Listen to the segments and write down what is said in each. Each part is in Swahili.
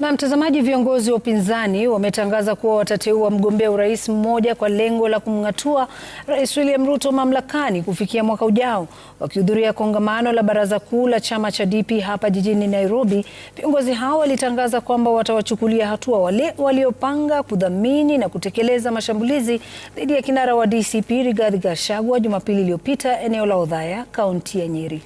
Na mtazamaji, viongozi wa upinzani wametangaza kuwa watateua mgombea urais mmoja kwa lengo la kumng'atua Rais William Ruto mamlakani kufikia mwaka ujao. Wakihudhuria kongamano la baraza kuu la chama cha DP hapa jijini Nairobi, viongozi hao walitangaza kwamba watawachukulia hatua wale waliopanga kudhamini na kutekeleza mashambulizi dhidi ya kinara wa DCP Rigathi Gachagua Jumapili iliyopita eneo la Othaya, kaunti ya Nyeri.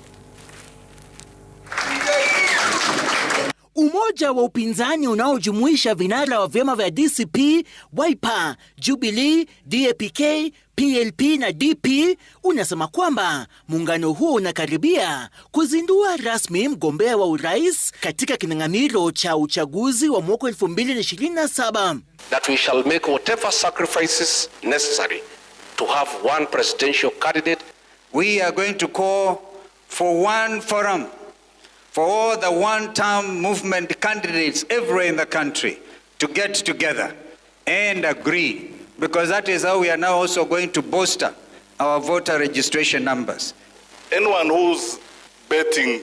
umoja wa upinzani unaojumuisha vinara wa vyama vya DCP, Wiper, Jubilee, DAPK, PLP na DP unasema kwamba muungano huo unakaribia kuzindua rasmi mgombea wa urais katika kinyang'anyiro cha uchaguzi wa mwaka 2027. That we shall make whatever sacrifices necessary to have one presidential candidate. We are going to call for one forum for all the one-term movement candidates everywhere in the country to get together and agree, because that is how we are now also going to bolster our voter registration numbers. Anyone who's betting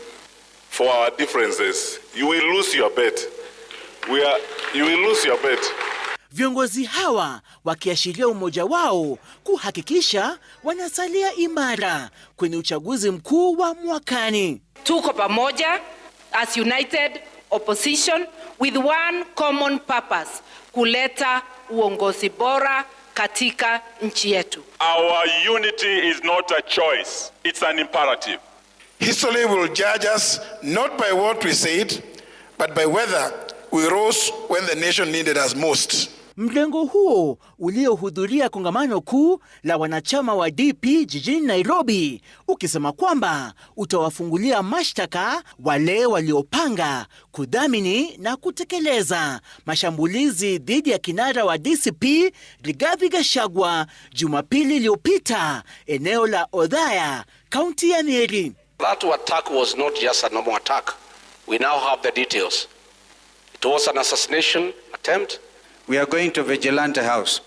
for our differences, you will lose your bet. We are, you will lose your bet. Viongozi hawa wakiashiria umoja wao kuhakikisha wanasalia imara kwenye uchaguzi mkuu wa mwakani. Tuko pamoja as united opposition with one common purpose, kuleta uongozi bora katika nchi yetu. Our unity is not a choice, it's an imperative. History will judge us not by what we said, but by whether we rose when the nation needed us most. Mlengo huo uliohudhuria kongamano kuu la wanachama wa DP jijini Nairobi, ukisema kwamba utawafungulia mashtaka wale waliopanga kudhamini na kutekeleza mashambulizi dhidi ya kinara wa DCP Rigathi Gachagua Jumapili iliyopita eneo la Odhaya, kaunti ya Nyeri. That attack was not just a normal attack. We now have the details. It was an assassination attempt. We are going to Vigilante House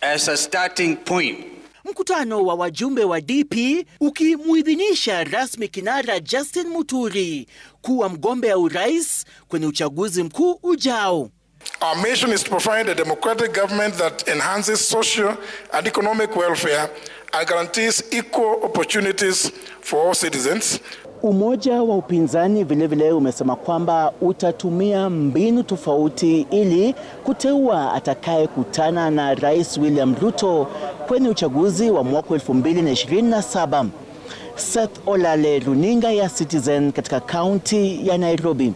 as a starting point. Mkutano wa wajumbe wa DP ukimuidhinisha rasmi kinara Justin Muturi kuwa mgombea urais kwenye uchaguzi mkuu ujao. Our mission is to provide a democratic government that enhances social and economic welfare and guarantees equal opportunities for all citizens. Umoja wa upinzani vilevile vile umesema kwamba utatumia mbinu tofauti ili kuteua atakayekutana na Rais William Ruto kwenye uchaguzi wa mwaka 2027. Seth Olale, runinga ya Citizen katika kaunti ya Nairobi.